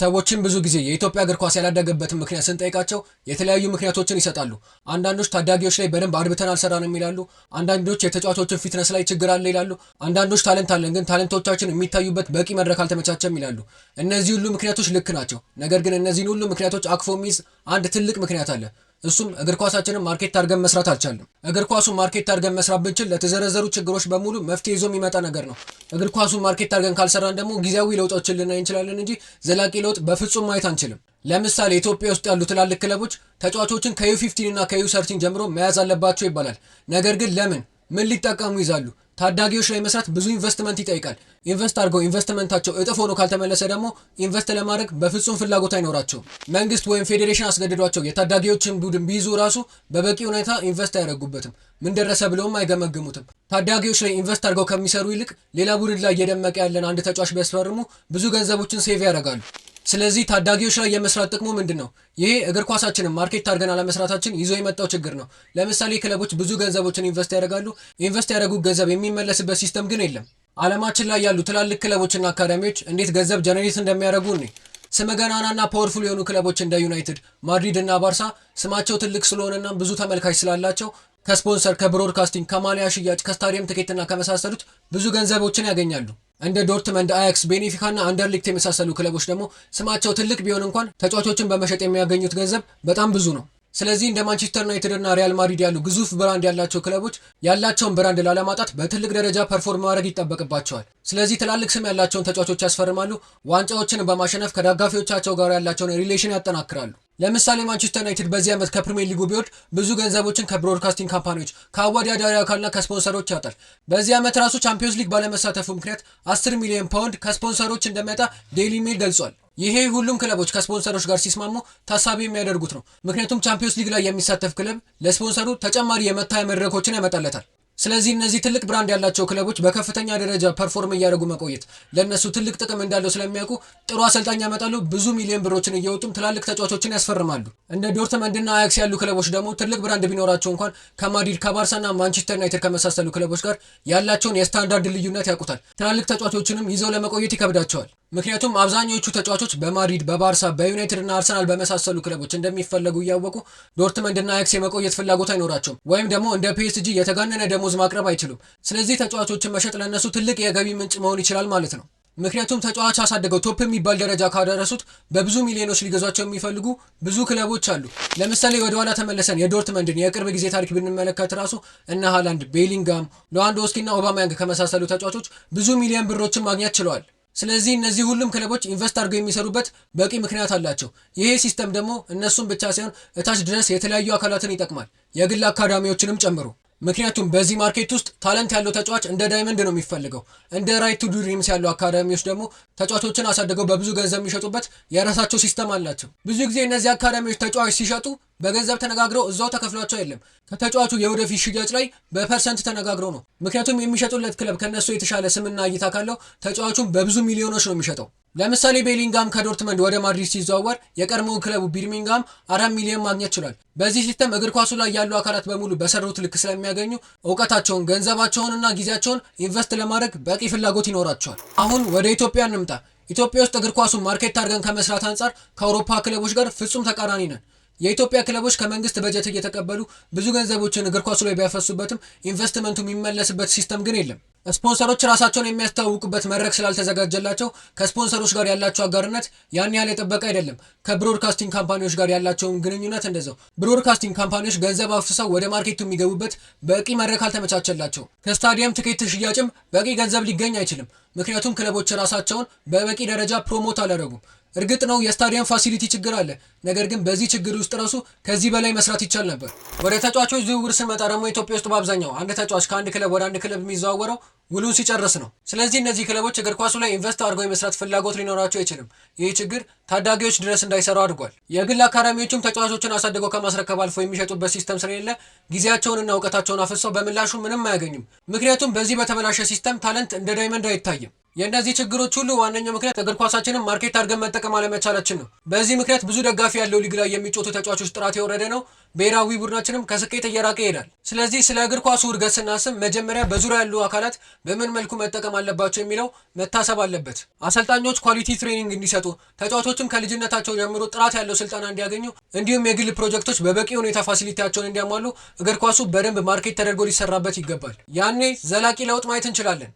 ሰዎችን ብዙ ጊዜ የኢትዮጵያ እግር ኳስ ያላደገበትን ምክንያት ስንጠይቃቸው የተለያዩ ምክንያቶችን ይሰጣሉ። አንዳንዶች ታዳጊዎች ላይ በደንብ አድብተን አልሰራንም ይላሉ። አንዳንዶች የተጫዋቾችን ፊትነስ ላይ ችግር አለ ይላሉ። አንዳንዶች ታለንት አለን ግን ታለንቶቻችን የሚታዩበት በቂ መድረክ አልተመቻቸም ይላሉ። እነዚህ ሁሉ ምክንያቶች ልክ ናቸው። ነገር ግን እነዚህን ሁሉ ምክንያቶች አቅፎ የሚይዝ አንድ ትልቅ ምክንያት አለ። እሱም እግር ኳሳችንን ማርኬት አድርገን መስራት አልቻለም። እግር ኳሱን ማርኬት አድርገን መስራት ብንችል ለተዘረዘሩ ችግሮች በሙሉ መፍትሄ ይዞ የሚመጣ ነገር ነው። እግር ኳሱን ማርኬት አድርገን ካልሰራን ደግሞ ጊዜያዊ ለውጦችን ልናይ እንችላለን እንጂ ዘላቂ ለውጥ በፍጹም ማየት አንችልም። ለምሳሌ ኢትዮጵያ ውስጥ ያሉ ትላልቅ ክለቦች ተጫዋቾችን ከዩ ፊፍቲን እና ከዩ ሰርቲን ጀምሮ መያዝ አለባቸው ይባላል። ነገር ግን ለምን ምን ሊጠቀሙ ይዛሉ? ታዳጊዎች ላይ መስራት ብዙ ኢንቨስትመንት ይጠይቃል። ኢንቨስት አድርገው ኢንቨስትመንታቸው እጥፍ ሆኖ ካልተመለሰ ደግሞ ኢንቨስት ለማድረግ በፍጹም ፍላጎት አይኖራቸውም። መንግስት ወይም ፌዴሬሽን አስገድዷቸው የታዳጊዎችን ቡድን ቢይዙ ራሱ በበቂ ሁኔታ ኢንቨስት አያደርጉበትም። ምን ደረሰ ብለውም አይገመግሙትም። ታዳጊዎች ላይ ኢንቨስት አድርገው ከሚሰሩ ይልቅ ሌላ ቡድን ላይ እየደመቀ ያለን አንድ ተጫዋች ቢያስፈርሙ ብዙ ገንዘቦችን ሴቭ ያደርጋሉ። ስለዚህ ታዳጊዎች ላይ የመስራት ጥቅሙ ምንድን ነው? ይሄ እግር ኳሳችንን ማርኬት አድርገን አለመስራታችን ይዞ የመጣው ችግር ነው። ለምሳሌ ክለቦች ብዙ ገንዘቦችን ኢንቨስት ያደርጋሉ። ኢንቨስት ያደረጉት ገንዘብ የሚመለስበት ሲስተም ግን የለም። አለማችን ላይ ያሉ ትላልቅ ክለቦችና አካዳሚዎች እንዴት ገንዘብ ጀነሬት እንደሚያደርጉ እኔ ስመገናናና ፓወርፉል የሆኑ ክለቦች እንደ ዩናይትድ፣ ማድሪድ እና ባርሳ ስማቸው ትልቅ ስለሆነና ብዙ ተመልካች ስላላቸው ከስፖንሰር ከብሮድካስቲንግ ከማሊያ ሽያጭ ከስታዲየም ትኬትና ከመሳሰሉት ብዙ ገንዘቦችን ያገኛሉ። እንደ ዶርትመንድ፣ አያክስ፣ ቤኔፊካና አንደርሊክት የመሳሰሉ ክለቦች ደግሞ ስማቸው ትልቅ ቢሆን እንኳን ተጫዋቾችን በመሸጥ የሚያገኙት ገንዘብ በጣም ብዙ ነው። ስለዚህ እንደ ማንቸስተር ዩናይትድ ና ሪያል ማድሪድ ያሉ ግዙፍ ብራንድ ያላቸው ክለቦች ያላቸውን ብራንድ ላለማጣት በትልቅ ደረጃ ፐርፎርም ማድረግ ይጠበቅባቸዋል። ስለዚህ ትላልቅ ስም ያላቸውን ተጫዋቾች ያስፈርማሉ። ዋንጫዎችን በማሸነፍ ከደጋፊዎቻቸው ጋር ያላቸውን ሪሌሽን ያጠናክራሉ። ለምሳሌ ማንቸስተር ዩናይትድ በዚህ ዓመት ከፕሪሚየር ሊጉ ቢወርድ ብዙ ገንዘቦችን ከብሮድካስቲንግ ካምፓኒዎች፣ ከአወዳዳሪ አካልና ከስፖንሰሮች ያጣል። በዚህ ዓመት ራሱ ቻምፒዮንስ ሊግ ባለመሳተፉ ምክንያት 10 ሚሊዮን ፓውንድ ከስፖንሰሮች እንደሚያጣ ዴይሊ ሜል ገልጿል። ይሄ ሁሉም ክለቦች ከስፖንሰሮች ጋር ሲስማሙ ታሳቢ የሚያደርጉት ነው። ምክንያቱም ቻምፒዮንስ ሊግ ላይ የሚሳተፍ ክለብ ለስፖንሰሩ ተጨማሪ የመታያ መድረኮችን ያመጣለታል። ስለዚህ እነዚህ ትልቅ ብራንድ ያላቸው ክለቦች በከፍተኛ ደረጃ ፐርፎርም እያደረጉ መቆየት ለእነሱ ትልቅ ጥቅም እንዳለው ስለሚያውቁ ጥሩ አሰልጣኝ ያመጣሉ። ብዙ ሚሊዮን ብሮችን እየወጡም ትላልቅ ተጫዋቾችን ያስፈርማሉ። እንደ ዶርትመንድና አያክስ ያሉ ክለቦች ደግሞ ትልቅ ብራንድ ቢኖራቸው እንኳን ከማድሪድ ከባርሳና ማንቸስተር ዩናይትድ ከመሳሰሉ ክለቦች ጋር ያላቸውን የስታንዳርድ ልዩነት ያውቁታል። ትላልቅ ተጫዋቾችንም ይዘው ለመቆየት ይከብዳቸዋል። ምክንያቱም አብዛኞቹ ተጫዋቾች በማድሪድ በባርሳ በዩናይትድ እና አርሰናል በመሳሰሉ ክለቦች እንደሚፈለጉ እያወቁ ዶርትመንድ እና አያክስ የመቆየት ፍላጎት አይኖራቸውም ወይም ደግሞ እንደ ፒኤስጂ የተጋነነ ደሞዝ ማቅረብ አይችሉም። ስለዚህ ተጫዋቾችን መሸጥ ለእነሱ ትልቅ የገቢ ምንጭ መሆን ይችላል ማለት ነው። ምክንያቱም ተጫዋች አሳደገው ቶፕ የሚባል ደረጃ ካደረሱት በብዙ ሚሊዮኖች ሊገዟቸው የሚፈልጉ ብዙ ክለቦች አሉ። ለምሳሌ ወደ ኋላ ተመለሰን የዶርትመንድን የቅርብ ጊዜ ታሪክ ብንመለከት ራሱ እነ ሃላንድ፣ ቤሊንጋም፣ ሎዋንዶስኪ እና ኦባማያንግ ከመሳሰሉ ተጫዋቾች ብዙ ሚሊዮን ብሮችን ማግኘት ችለዋል። ስለዚህ እነዚህ ሁሉም ክለቦች ኢንቨስት አድርገው የሚሰሩበት በቂ ምክንያት አላቸው። ይሄ ሲስተም ደግሞ እነሱን ብቻ ሳይሆን እታች ድረስ የተለያዩ አካላትን ይጠቅማል፣ የግል አካዳሚዎችንም ጨምሮ። ምክንያቱም በዚህ ማርኬት ውስጥ ታለንት ያለው ተጫዋች እንደ ዳይመንድ ነው የሚፈልገው። እንደ ራይት ቱ ድሪምስ ያሉ አካዳሚዎች ደግሞ ተጫዋቾችን አሳድገው በብዙ ገንዘብ የሚሸጡበት የራሳቸው ሲስተም አላቸው። ብዙ ጊዜ እነዚህ አካዳሚዎች ተጫዋች ሲሸጡ በገንዘብ ተነጋግረው እዛው ተከፍሏቸው የለም። ከተጫዋቹ የወደፊት ሽያጭ ላይ በፐርሰንት ተነጋግረው ነው። ምክንያቱም የሚሸጡለት ክለብ ከነሱ የተሻለ ስምና እይታ ካለው ተጫዋቹን በብዙ ሚሊዮኖች ነው የሚሸጠው። ለምሳሌ ቤሊንጋም ከዶርትመንድ ወደ ማድሪድ ሲዘዋወር የቀድሞው ክለቡ ቢርሚንጋም አራት ሚሊዮን ማግኘት ችሏል። በዚህ ሲስተም እግር ኳሱ ላይ ያሉ አካላት በሙሉ በሰሩት ልክ ስለሚያገኙ እውቀታቸውን፣ ገንዘባቸውንና ጊዜያቸውን ኢንቨስት ለማድረግ በቂ ፍላጎት ይኖራቸዋል። አሁን ወደ ኢትዮጵያ እንምጣ። ኢትዮጵያ ውስጥ እግር ኳሱን ማርኬት አድርገን ከመስራት አንጻር ከአውሮፓ ክለቦች ጋር ፍጹም ተቃራኒ ነን። የኢትዮጵያ ክለቦች ከመንግስት በጀት እየተቀበሉ ብዙ ገንዘቦችን እግር ኳሱ ላይ ቢያፈሱበትም ኢንቨስትመንቱ የሚመለስበት ሲስተም ግን የለም። ስፖንሰሮች ራሳቸውን የሚያስተዋውቁበት መድረክ ስላልተዘጋጀላቸው ከስፖንሰሮች ጋር ያላቸው አጋርነት ያን ያህል የጠበቀ አይደለም። ከብሮድካስቲንግ ካምፓኒዎች ጋር ያላቸውን ግንኙነት እንደዛው። ብሮድካስቲንግ ካምፓኒዎች ገንዘብ አፍሰው ወደ ማርኬቱ የሚገቡበት በቂ መድረክ አልተመቻቸላቸው። ከስታዲየም ትኬት ሽያጭም በቂ ገንዘብ ሊገኝ አይችልም። ምክንያቱም ክለቦች ራሳቸውን በበቂ ደረጃ ፕሮሞት አላደረጉም። እርግጥ ነው የስታዲየም ፋሲሊቲ ችግር አለ። ነገር ግን በዚህ ችግር ውስጥ ራሱ ከዚህ በላይ መስራት ይቻል ነበር። ወደ ተጫዋቾች ዝውውር ስንመጣ ደግሞ ኢትዮጵያ ውስጥ በአብዛኛው አንድ ተጫዋች ከአንድ ክለብ ወደ አንድ ክለብ የሚዘዋወረው ውሉን ሲጨርስ ነው። ስለዚህ እነዚህ ክለቦች እግር ኳሱ ላይ ኢንቨስት አድርገው የመስራት ፍላጎት ሊኖራቸው አይችልም። ይህ ችግር ታዳጊዎች ድረስ እንዳይሰሩ አድርጓል። የግል አካዳሚዎችም ተጫዋቾችን አሳድገው ከማስረከብ አልፎ የሚሸጡበት ሲስተም ስለሌለ ጊዜያቸውንና እውቀታቸውን አፍሰው በምላሹ ምንም አያገኙም። ምክንያቱም በዚህ በተበላሸ ሲስተም ታለንት እንደ ዳይመንድ አይታይም። የእነዚህ ችግሮች ሁሉ ዋነኛው ምክንያት እግር ኳሳችንን ማርኬት አድርገን መጠቀም አለመቻላችን ነው። በዚህ ምክንያት ብዙ ደጋፊ ያለው ሊግ ላይ የሚጫወቱ ተጫዋቾች ጥራት የወረደ ነው። ብሔራዊ ቡድናችንም ከስኬት እየራቀ ይሄዳል። ስለዚህ ስለ እግር ኳሱ እድገት ስናስብ መጀመሪያ በዙሪያ ያሉ አካላት በምን መልኩ መጠቀም አለባቸው የሚለው መታሰብ አለበት። አሰልጣኞች ኳሊቲ ትሬኒንግ እንዲሰጡ፣ ተጫዋቾችም ከልጅነታቸው ጀምሮ ጥራት ያለው ስልጠና እንዲያገኙ፣ እንዲሁም የግል ፕሮጀክቶች በበቂ ሁኔታ ፋሲሊቲያቸውን እንዲያሟሉ እግር ኳሱ በደንብ ማርኬት ተደርጎ ሊሰራበት ይገባል። ያኔ ዘላቂ ለውጥ ማየት እንችላለን።